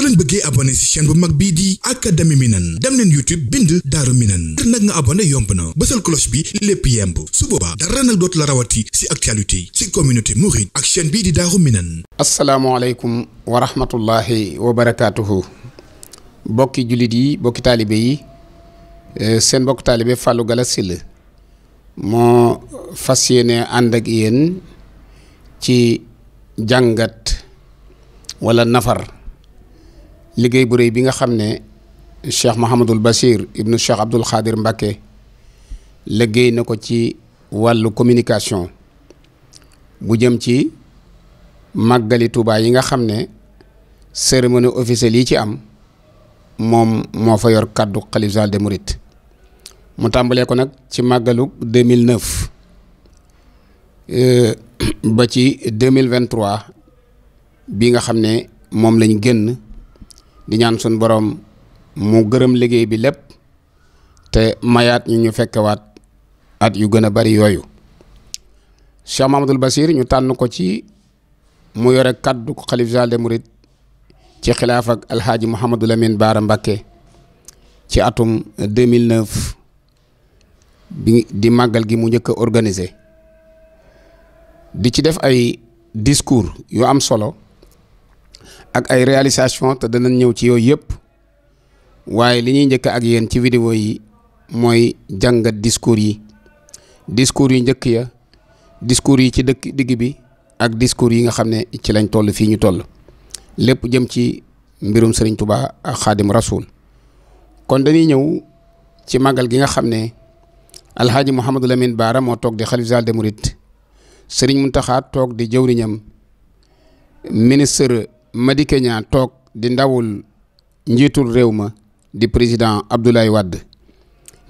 soo bëggee abonné ci chaîne bu mag bii di académie Minane dem leen YouTube bind Daaru Minane ngir nag nga abonné yomb na bësal cloche bi lépp yemb su boobaa dara nag dootu la rawati ci actualité ci communauté mouride ak chaîne bii di Daaru Minane asalaamualeykum wa rahmatullahi wa barakaatuhu bokki jullit yi bokki taalibe yi eh, seen bokk taalibe Fallou Galass Syll moo fas yéene ànd ak yéen ci jàngat wala nafar liggéey bu réy bi nga xam ne Cheikh Mouhamadul Bachir ibnu Cheikh Abdoul Khadir Mbacké liggéey na ko ci wàllu communication bu jëm ci màggali Touba yi nga xam ne cérémonie officielle yi ci am moom moo fa yor kàddu xalif général des mourides mu tàmbalee ko nag ci màggalu 2009 euh, ba ci 2023 bi nga xam ne moom lañ génn di ñaan sun boroom mu gërëm liggéey bi lépp te mayaat ñu ñu fekkewaat at yu gën a bari yooyu Cheikh Mamadou Bassir ñu tànn ko ci mu yore kaddu xalif général des mourides ci xilaaf ak alxaaji Mouhamadou Lamine Baara Mbacké ci atum 2009 bi di màggal gi mu njëkk organise di ci def ay discours yu am solo ak ay réalisation te danañ ñëw ci yooyu yëpp waaye li ñuy njëkk ak yéen ci vidéo yi mooy jàngat discours yi discours yu njëkk ya discours yi ci dëkk digg bi ak discours yi nga xam ne ci lañ toll fii ñu toll lépp jëm ci mbirum sëriñ Touba ak Xaadim Rasoul kon dañuy ñëw ci màggal gi nga xam ne Alxaaji Mouhamadou Lamine Baara moo toog di xalif général des sëriñ Serigne Mountakha toog di jëwriñam ministre Madické Niang toog di ndawul njiitul réew ma di président Abdoulaye Wade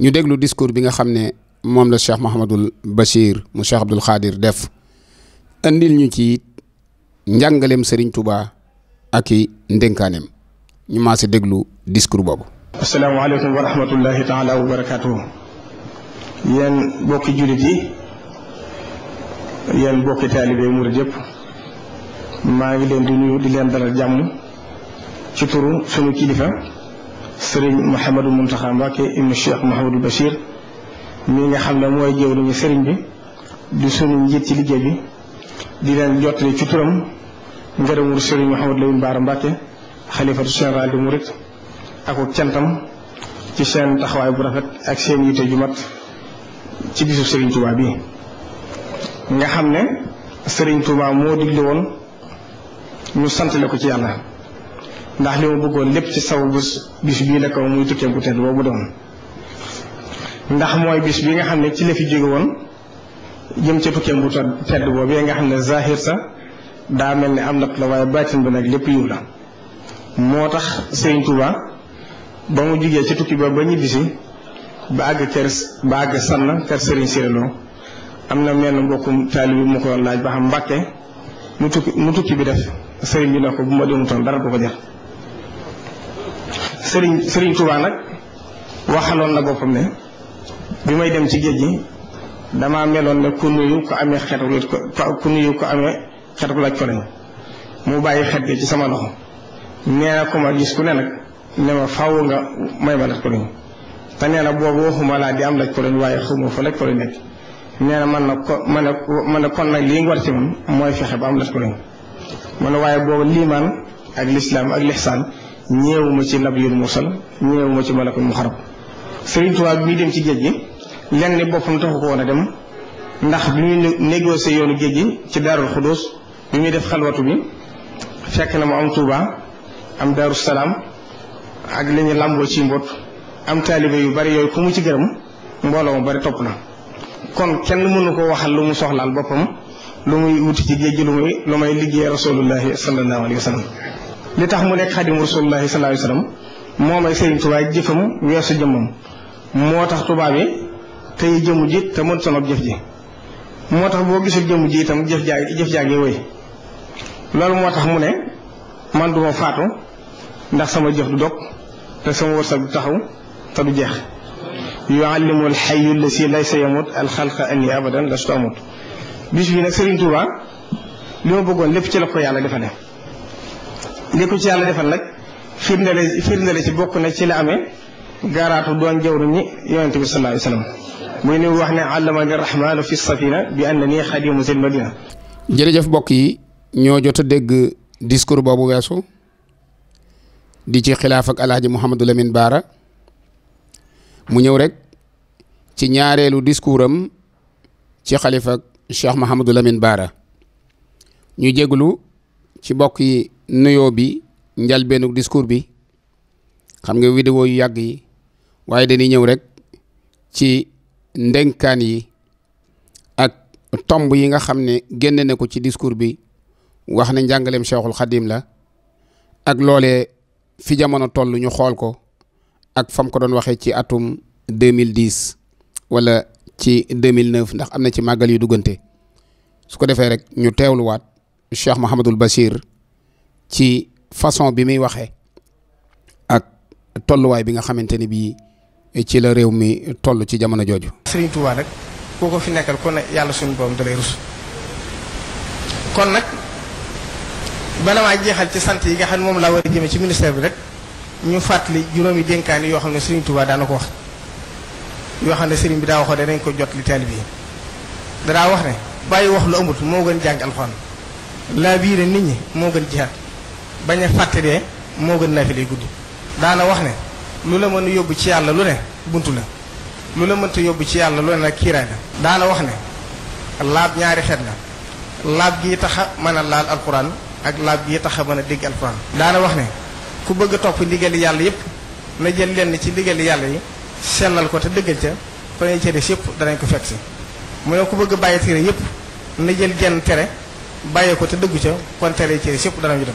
ñu déglu discours bi nga xam ne moom la Cheikh Mouhamadul Bachir mu Cheikh Abdoul Khadir def indil ñu ci njàngaleem sëriñ Touba ak i ndénkaaneem ñu maa si déglu discours boobu. asalaamaaleykum wa rahmatullahi taala wa barakaatuhu. bokki jullit yi bokki taalibe murid yëpp. maa ngi leen di di leen dalal jàmm ci turu suñu kilifa sëriñ Mouhamadou Mountakha Mbacké ibnu Cheikh Mouhamadou Bachir mi nga xam ne mooy jéew nañu sëriñ bi di suñu njiit ci liggéey bi di leen jottali ci turam ngërëmul sëriñ Mouhamadou Lamine Bara Mbacké xalifatu général di murit ak cantam ci seen taxawaay bu rafet ak seen yitte ju ci bisu sëriñ Touba bi nga xam ne sëriñ Touba moo digle woon ñu sant la ko ci yàlla ndax li ma bëggoon lépp ci saw bés bis bii la kaw muy tukkee bu tedd boobu doon ndax mooy bis bi nga xam ne ci la fi jóge woon jëm ca tukkeem bu tedd boobee nga xam ne zahir sa daa mel ne am na la waaye baatin bi nag lépp yiw la moo tax Sëriñ Tuuba ba mu jugee ca tukki ba ba ñibbisi ba àgg kër ba àgg sann kër Sëriñ Sirilo am na mel na mbokkum taalibi mu ko laaj ba xam Mbàkke mu tukki mu tukki bi def sëriñ bi na ko bu ma demutoon dara du ko jar sëriñ sëriñ Tuubaa nag waxaloon na boppam ne bi may dem ci géej gi damaa meloon ne ku nuyu ko amee xet ku nuyu ko amee xet laaj ko lañ mu bàyyi xet gi ci sama loxo nee na ku ma gis ku ne nag ne ma faaw nga may ma laaj ko lañ te nee na boobu waxuma laa di am laaj ko lañ waaye xawma fa laaj ko lañ nekk nee na man na ko man na kon nag lii nga war ci man mooy fexe ba am laaj ko lañ mu ne waaye boobu liimaan ak lislaam ak lixsaan ñeewuma ci nabiyul mursal ñeewuma ci malakul muxarab Sëriñ Tuubaa bi muy dem ci géej gi lenn ni boppam taxu ko woon a dem ndax bi muy négocier yoonu géej gi ci daarul xudóos bi muy def xalwatu bi fekk na mu am Tuubaa am daaru salaam ak li ñu làmboo ci mbot am taalibe yu bari yooyu ku mu ci gërëm mbooloo mu bari topp na kon kenn mënu ko waxal lu mu soxlaal boppam lu muy wuti ci géej gi lu muy lu may liggéey rasulullahi sallallahu alayhi wa sallam li tax mu nekk xadimu rasulullahi sallallahu alayhi wa sallam moo may sëriñ Tuubaa jëfam weesu jëmmam moo tax tubaab yi tey jëmu ji te mën sanob jëf ji moo tax boo gisul jëmu ji itam jëf jaa ngi wéy loolu moo tax mu ne man duma faatu ndax sama jëf du dog te sama wërsëg du taxaw te du jeex yuallimu alxayu allasi laysa yamut alxalqa anni abadan lastu amut bis bi nag Serigne Touba li ma bëggoon lépp ci la ko yàlla defal li ko ci yàlla defal nag firndale firndale ci bokk na ci la amee gaaraatu doon jawru ñi yonente bi sallallahu alayhi wax ne allamani rahmaanu fi safina bi anna nii xadimu sil madina jërëjëf mbokk yi ñoo jot a dégg discours boobu weesu di ci xilaaf ak alhaji Mouhamadou Lamine Baara mu ñëw rek ci ñaareelu discours am ci xalifa Cheikh Mahamadou Lamine Baara ñu jéglu ci bokk yi nuyoo bi njalbeenu discours bi xam nga vidéo yu yàgg yi waaye dañuy ñëw rek ci ndénkaan yi ak tomb yi nga xam ne génne na ko ci discours bi wax ne njàngaleem Cheikhul Khadim la ak loole fi jamono toll ñu xool ko ak fam ko doon waxee ci atum 2010 wala ci 2009 ndax am na ci màggal yu duggante su ko defee rek ñu teewluwaat Cheikh Mouhamadul Bachir ci façon bi muy waxee ak tolluwaay bi nga xamante ni bii ci la réew mi toll ci jamono jooju. Serigne Touba nag koo ko fi nekkal kon yàlla suñu boom da lay kon nag bala maa jeexal ci sant yi nga xam ne moom laa war a jëmee ci ministère bi rek ñu fàttali juróomi dénkaani yoo xam ne Serigne Touba daan ko wax. yoo xam ne sëriñ bi daa waxoon ne dañ ko jot li taalibe yi danaa wax ne bàyyi wax lu amut moo gën jàng alxuraan laa biire nit ñi moo gën jihaat bañ a fàtte dee moo gën naafile guddi daana wax ne lu la mën yóbbu ci yàlla lu ne buntu la lu la mënta yóbbu ci yàlla lu ne nag kiiraay la daana wax ne laab ñaari xet la laab gi tax a mën a laal alxuraan ak laab gi tax a mën a dégg alxuraan daana wax ne ku bëgg a topp ndigali yàlla yépp na jël lenn ci ndigali yàlla yi sellal ko te dëggal ca pare ca des yëpp danañ ko fekk si mu ne ku bëgg bàyyi tere yëpp na jël genn tere bàyyi ko te dëggu ca kon tere ca des yëpp danañu dem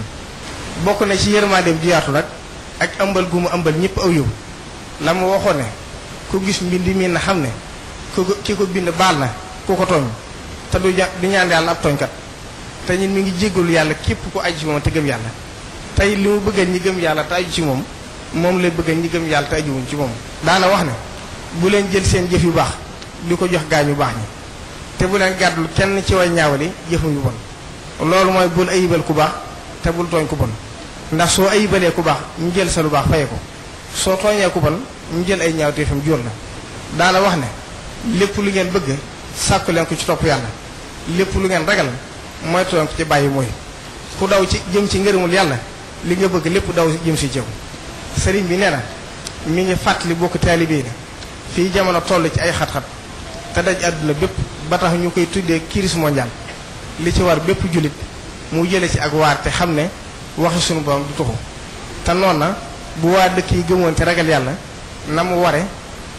bokk na ci yërmandeem ju yaatu nag ak ëmbal gu mu ëmbal ñëpp aw yow la mu waxoon ne ko gis mbind mii na xam ne ku ki ko bind baal na ku ko tooñ te du du ñaan yàlla ab tooñkat te ñun mu ngi jéggalu yàlla képp ku aju ci moom te gëm yàlla tey li mu bëgg ñi gëm yàlla te aju ci moom moom lay bëgg ñi gëm yàlla te ajuwuñ ci moom daana wax ne bu leen jël seen jëf yu baax li ko jox gaañu baax ni te bu leen gàddul kenn ci way ñaawali jëfam yu bon loolu mooy bul ayibal ku baax te bul tooñ ku bon ndax soo ay ayibalee ku baax ñu jël sa lu baax faye ko soo tooñee ku bon ñu jël ay ñaawteefam jur la daana wax ne lépp lu ngeen bëgg sàkku leen ko ci topp yàlla lépp lu ngeen ragal mooy tooñ ko ci bàyyi mooy ku daw ci jëm ci ngërëmul yàlla li nga bëgg lépp daw jëm si jëw sëriñ bi nee na mi ngi fàttali bokk taalibe na fii jamono toll ci ay xat-xat te daj àdduna bépp ba tax ñu koy tuddee crise mondiale li ci war bépp jullit mu jële ci ak waar te xam ne waxi sunu borom du tuxu te noon na bu waa dëkk yi gëmoon te ragal yàlla na mu ware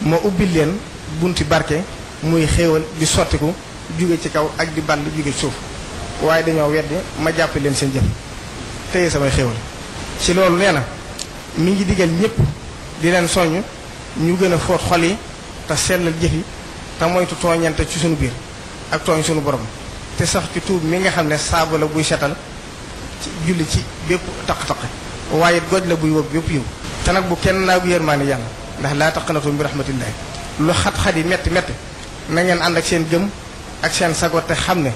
ma ubbil leen bunti barke muy xéewal di sottiku jóge ci kaw ak di ball jóge ci suuf waaye dañoo weddi ma jàpp leen seen jëf téye samay xéewal ci loolu nee na mi ngi digal ñëpp di leen soññ ñu gën a fóot xol yi te sellal jëf yi te moytu tooñante ci suñu biir ak tooñ sunu borom te sax ci tuub mi nga xam ne saabu la buy setal ci julli ci bépp taq-taq waaye goj la buy wëb bépp yiw te nag bu kenn naagu yërmaane yàlla ndax laa na taqnatu bi rahmatillahi lu xat-xat yi metti metti na ngeen ànd ak seen gëm ak seen sago te xam ne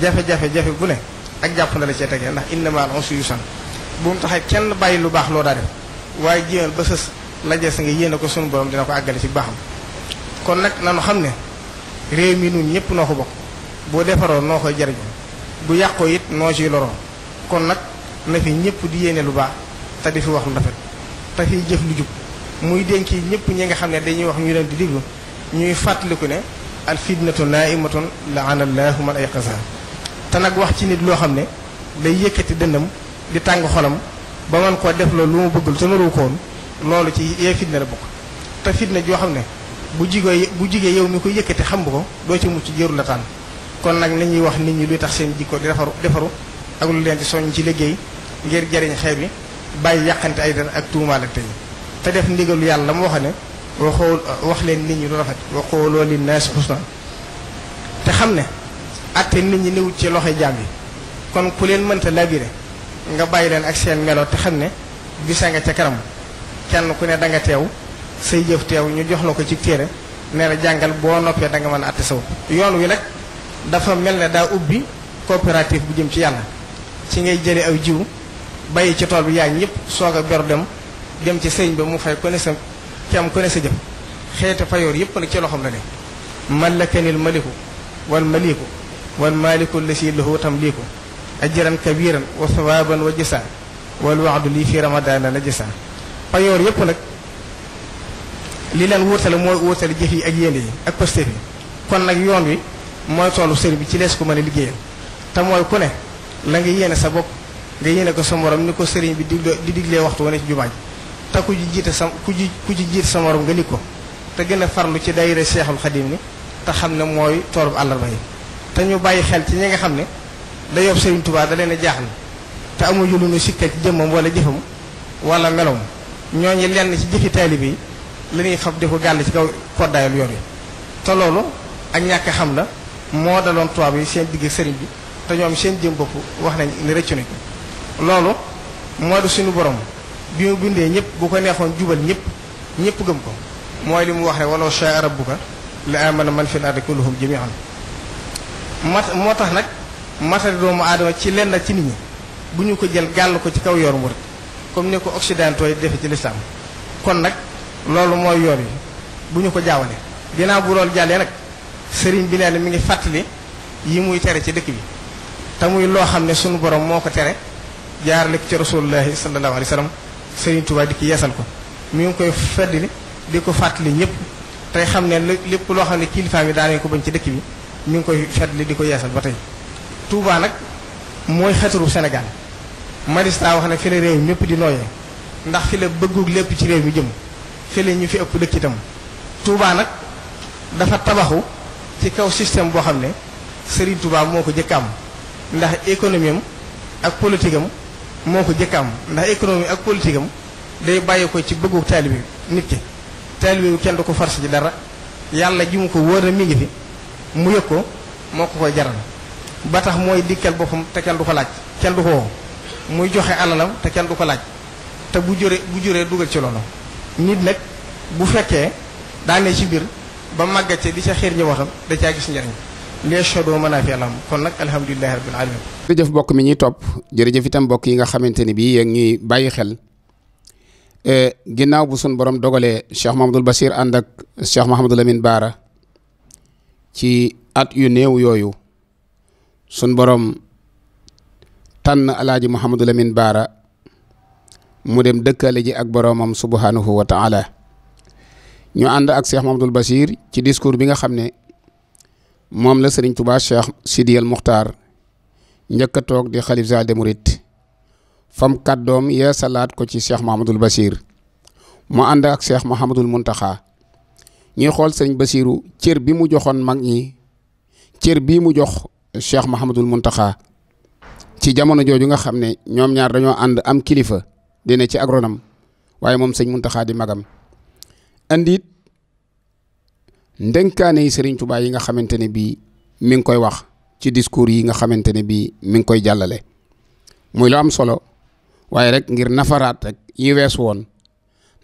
jafe-jafe jafe bu ne ak jàpp na la cee tegee ndax innamal usri yusran bu mu taxee kenn bàyyi lu baax loo daa waaye jéemal ba sës la jees nga yéene ko sunu borom dina ko àggale ci baaxam kon nag na nanu xam ne réew mi nun ñëpp noo ko bokk boo defaroo noo koy jariñoo bu yàqoo it noo ciy loroo kon nag na fi ñëpp di yéene lu baax te di fi wax lu rafet te fiy jëf lu jub muy dénk ñëpp ñi nga xam ne dañuy wax ñu leen di diglu ñuy fàttaliku ne al fitnatu naimatun laana allahu ay ayqaza te nag wax ci nit loo xam ne day yëkkati dëndam di tàng xolam ba man koo def loolu lu mu bëggul te naru koon loolu ci yee fitna la bokk te fitna joo xam ne bu jigee bu jigee yow mi ko yëkkate xam nga ko doo ci mucc jëru la kon nag nañuy wax nit ñi luy tax seen jikko di defaru defaru ak lu leen di ci liggéey ngir jariñ xeet bi bàyyi yàqante ay dara ak tuumaale te def ndigalu yàlla mu wax ne waxoo wax leen nit ñi rafet waxoo loolu naas xusna te xam ne atte nit ñi newut ci loxo jaam yi kon ku leen mënta labiré nga bàyyi leen ak seen melo te xam ne bisa nga ca kanam kenn ku ne da nga teew say jëf teew ñu jox la ko ci téere nee na jàngal boo noppee da nga mën a àtte saw yoon wi nag dafa mel ne daa ubbi coopérative bu jëm ci yàlla ci ngay jële aw jiw bàyyi ci tool bi yaa ñëpp soog a ber dem dem ci sëñ ba mu fay ku ne sa kem ku ne sa jëm xeeti fayoor yëpp nag ci loxoom la ne wan maa wal maliku wal maliku lasi lahu ko ajran kabiran wa sawaban wa jasa wal waxdu lii fi ramadana la jasa payoor yépp nag li leen wóotale mooy wóotale jëf yi ak yéene yi ak posté yi kon nag yoon wi mooy toolu sëriñ bi ci lees ko mën a liggéeyal te mooy ku ne la nga yéene sa bopp nga yéene ko sa morom ni ko sëriñ bi digle di diglee waxtu wane ci jubaaj te ku ci jiite sa ku ci ku ci jiite sa morom nga lig ko te gën a farlu ci daayira seexul xadim ni te xam ne mooy toolu àllarba yi te ñu ne dayob Sëriñ Tuubaa da leen a jaaxal te amuñu lu ñu sikka ci jëmmam wala jëfam wala melom ñooñu lenn ci jëfi taalibe yi la ñuy fab di ko gàll ci kaw koddaayal yoon yi te loolu ak ñàkk xam la moo daloon tubaab yi seen digg sëriñ bi te ñoom seen jëm bopp wax nañ ni rëccu nañ ko loolu moo di suñu borom bi mu bindee ñëpp bu ko neexoon jubal ñëpp ñëpp gëm ko mooy li mu wax rek walaw shaa rabbuka la amana man fil ardi kulluhum jami'an moo tax nag matari doomu aadama ci lenn ci nit ñi bu ñu ko jël gàll ko ci kaw yoonu murit comme ni ko occidentaux yi defe ci lislaam kon nag loolu mooy yoon yi bu ñu ko jaawale ginnaaw bu loolu jàllee nag sëriñ bi nee na mi ngi fàttali yi muy tere ci dëkk bi te muy loo xam ne sunu borom moo ko tere jaarale ko ci rasulullahi sallallahu alayhi wa sallam sëriñ Tuubaa di ko yeesal ko mi ngi koy feddli di ko fàttali ñëpp tey xam ne lépp loo xam ne kilifaam yi daanañ ko bañ ci dëkk bi mi ngi koy feddli di ko yeesal ba tey Touba nag mooy xetaru Sénégal magistrat wax ne fi la réew mépp di nooyee ndax fi la bëggug lépp ci réew mi jëm fi la ñu fi ëpp dëkk itam Touba nag dafa tabaxu ci kaw système boo xam ne Serigne Touba moo ko jëkk am ndax économie am ak politique moo ko jëkk am ndax économie ak politique day bàyyi ko ci bëggug taalibe nit ki taalibe bi kenn du ko forcé ci dara yàlla ji mu ko wóor na mi fi mu yëg ko moo ko koy jaral ba tax mooy dikkal boppam te kenn du ko laaj kenn du ko woo muy joxe alalam te kenn du ko laaj te bu jure bu juree dugal ci loolu nit nag bu fekkee daane ci biir ba màggat ca di ca xiir njabootam da caa gis njariñ les chaudons mën naa fi alam kon nag alhamdulilah rabbil alamin jërëjëf mbokk mi ñuy topp jërëjëf itam mbokk yi nga xamante ni bii yéen bàyyi xel eh, ginnaaw bu sun borom dogalee Cheikh Mahamadul Bachir ànd ak Cheikh Mahamadul Amin Baara ci at yu néew yooyu. sun boroom tànn alaaji Mouhamadou Lamine Baara mu dem dëkkale ji ak boromam subhanahu wa taala ñu ànd ak seex Mouhamadoul Bachir ci discours bi nga xam ne moom la Serigne Touba Cheikh Sidi El Moukhtar njëkk toog di xalif zaal de Mouride fam kàddoom yee salaat ko ci Cheikh Mouhamadoul Bachir mu ànd ak Cheikh Mouhamadoul Mountakha ñuy xool Serigne Bachirou cër bi mu joxoon mag ñi cër bii mu jox Cheikh Mahamadul Muntaxa ci jamono jooju nga xam ne ñoom ñaar dañoo ànd am kilifa dina ci agronome waaye moom sëñ Muntaxa di magam andit ndenkaane yi Serigne Touba yi nga xamante ne bii mi ngi koy wax ci discours yi nga xamante ne bii mi ngi koy jàllale muy lu am solo waaye rek ngir nafaraat rek yi wees woon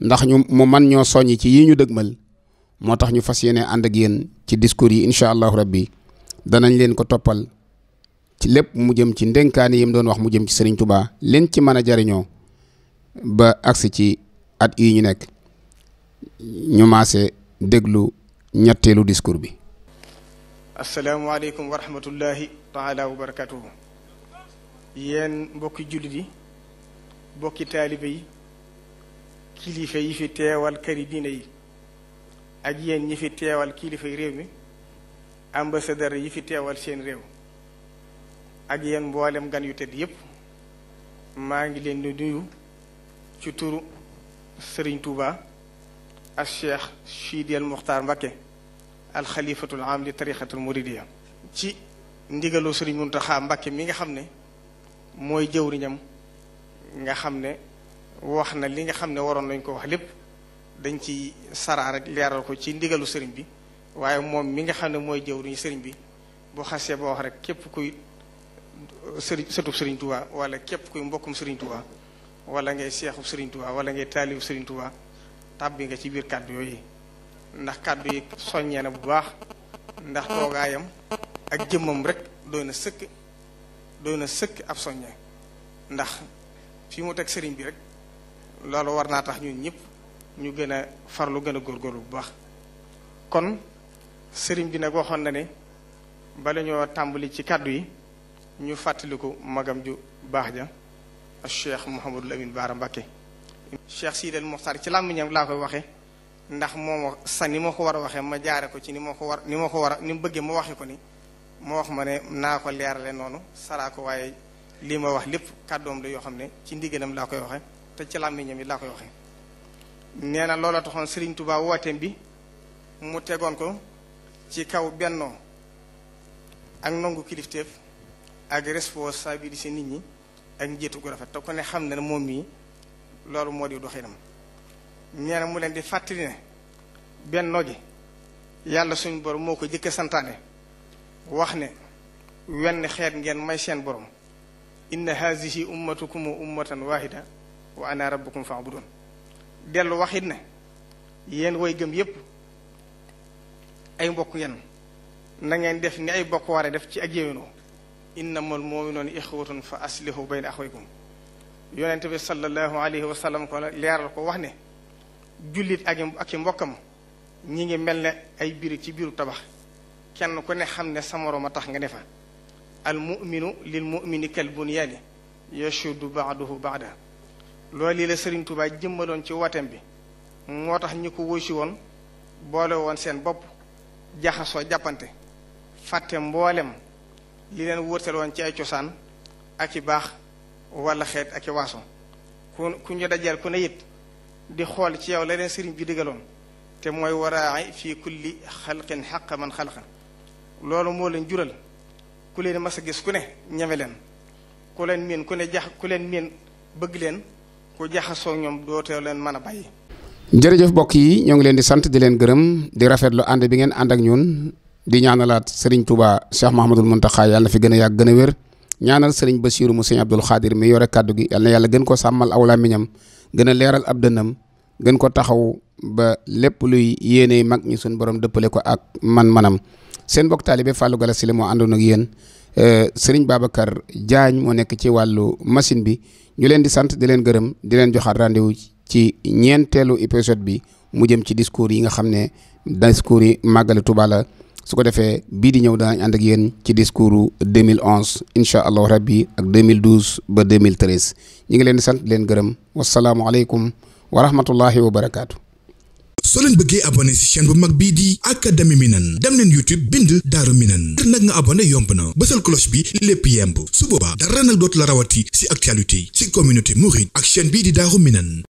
ndax ñu mu man ñoo soññ ci yi ñu dëgmal moo tax ñu fas yenee ànd ak yéen ci discours yi incha allahu rabbi danañ leen ko toppal ci lépp mu jëm ci ndénkaani yi doon wax mu jëm ci Serigne Touba leen ci mën a jariñoo ba agsi ci at yi ñu nekk ñu maase déglu ñetteelu discours bi. asalaamaaleykum wa rahmatullahi taala wa barakatuhu yéen mbokki jullit yi mbokki taalibe yi kilifa yi fi teewal këri diine yi ak yéen ñi fi teewal kilifa yi réew mi. ambassadeur yi fi teewal seen réew ak yéen mboolem gan yu tëdd yépp maa ngi leen di nuyu ci turu sëriñ Touba ak Cheikh Sidi El Mokhtar Mbacké al xalifatul am li tariqatul muridiya ci ndigalu Serigne Mountakha Mbacké mi nga xam ne mooy jëwriñam nga xam ne wax na li nga xam ne waroon nañ ko wax lépp dañ ci saraa rek leeral ko ci ndigalu sëriñ bi waaye moom mi nga xam ne mooy jëwriñu sëriñ bi bu xasee ba wax rek képp kuy sëriñ sëtu sëriñ Tuubaa wala képp kuy mbokkum sëriñ Tuubaa wala ngay seexub sëriñ Tuubaa wala ngay taalibu sëriñ Tuubaa tàbbi nga ci biir kàddu yooyu ndax kàddu yi soññee na bu baax ndax toogaayam ak jëmmam rek doy na sëkk doy na sëkk ab soññee ndax fi mu teg sëriñ bi rek loolu war naa tax ñun ñëpp ñu gën a farlu gën a góorgóorlu bu baax sëriñ bi nag waxoon na ne bala ñoo tàmbali ci kàddu yi ñu fàttaliku magam ju baax ja ak cheikh Mouhamadul Amin Baara Mbakke. cheikh Sidel Moxtar ci làmmiñam laa koy waxe ndax moom sa ni ma ko war a waxee ma jaare ko ci ni ma ko war ni ma ko war a ni bëggee ma waxe ko ni moo wax ma ne naa ko leerale noonu saraa ko waaye lii ma wax lépp kàddoom la yoo xam ne ci ndigalam laa koy waxe te ci làmmiñam yi laa koy waxe nee na loola taxoon Serigne Touba tegoon ko. ci kaw bennoo ak nangu kilifteef ak responsabilité nit ñi ak njiitu gu rafet te ku ne xam na ne moom mii loolu moo di doxinam nee na mu leen di fàttali ne bennoo gi yàlla suñu borom moo ko jëkk santaane wax ne wenn xeet ngeen may seen borom inna hazihi ummatukum ummatan wahida wa ana rabbukum fa'budun dellu waxit ne yenn woy gëm yépp ay mbokk yenn na ngeen def ni ay bokk ware def ci ak yéwénoo innamal mu'minuuna ixwatun fa aslihu bayna axwaykum yonente bi sallallahu alayhi wa sallam ko leeral ko wax ne jullit ak ak i mbokkam ñi ngi mel ne ay biir ci biiru tabax kenn ku ne xam ne sa moroom a tax nga ne fa al muminu lil mumini kal bunyaani yashuddu baaduhu baada loolu yi la Sëriñ Tuubaa jëmmaloon ci watem bi moo tax ñi ko wóosi woon boole woon seen bopp jaxasoo jàppante fàtte mboolem li leen wërtal woon ci ay cosaan ak i baax walla xeet ak i waaso ku ku ñu dajal ku ne it di xool ci yow la leen sëriñ bi digaloon te mooy waraay fii kulli xalqin xaq man xalqa loolu moo leen jural ku leen mas a gis ku ne ñeme leen ku leen miin ku ne jax ku leen miin bëgg leen ku jaxasoo ñoom dootoo leen mën a bàyyi jërëjëf mbokk yi ñoo ngi leen di sant di leen gërëm di rafetlu ànd bi ngeen ànd ak ñun di ñaanalaat Serigne Touba Cheikh Mahamadul Mountakha yàlla na fi gën a yàgg gën a wér ñaanal Serigne Bassirou mu Serigne Abdoul Khadir mi yore kàddu gi yàlla yàlla gën ko sàmmal aw làmmiñam gën a leeral ab dënnam gën ko taxaw ba lépp luy yéene mag ñi suñ borom dëppale ko ak man-manam seen mbokk taalibe Fallou Gala Sylla moo àndoon ak yéen euh, Serigne Babacar Diagne moo nekk ci wàllu machine bi ñu leen di sant di leen gërëm di leen joxaat rendez-vous ci ñeenteelu épisode bi mu jëm ci discours yi nga xam ne discours yi màggale Tuuba su ko defee bii di ñëw danañ ànd ak yéen ci discours 2011 incha allahu rabbi ak 2012 ba 2013 ñu ngi leen di sant leen gërëm wasalaamualeykum wa rahmatullahi wa barakaatu. soo leen bëggee abonné ci chaîne bu mag bii di académie Minane dem leen YouTube bind Daaru Minane ngir nag nga abonné yomb na bësal cloche bi lépp yemb su boobaa dara nag dootu la rawati ci actualité ci communauté mouride ak chaîne bii di Daaru Minane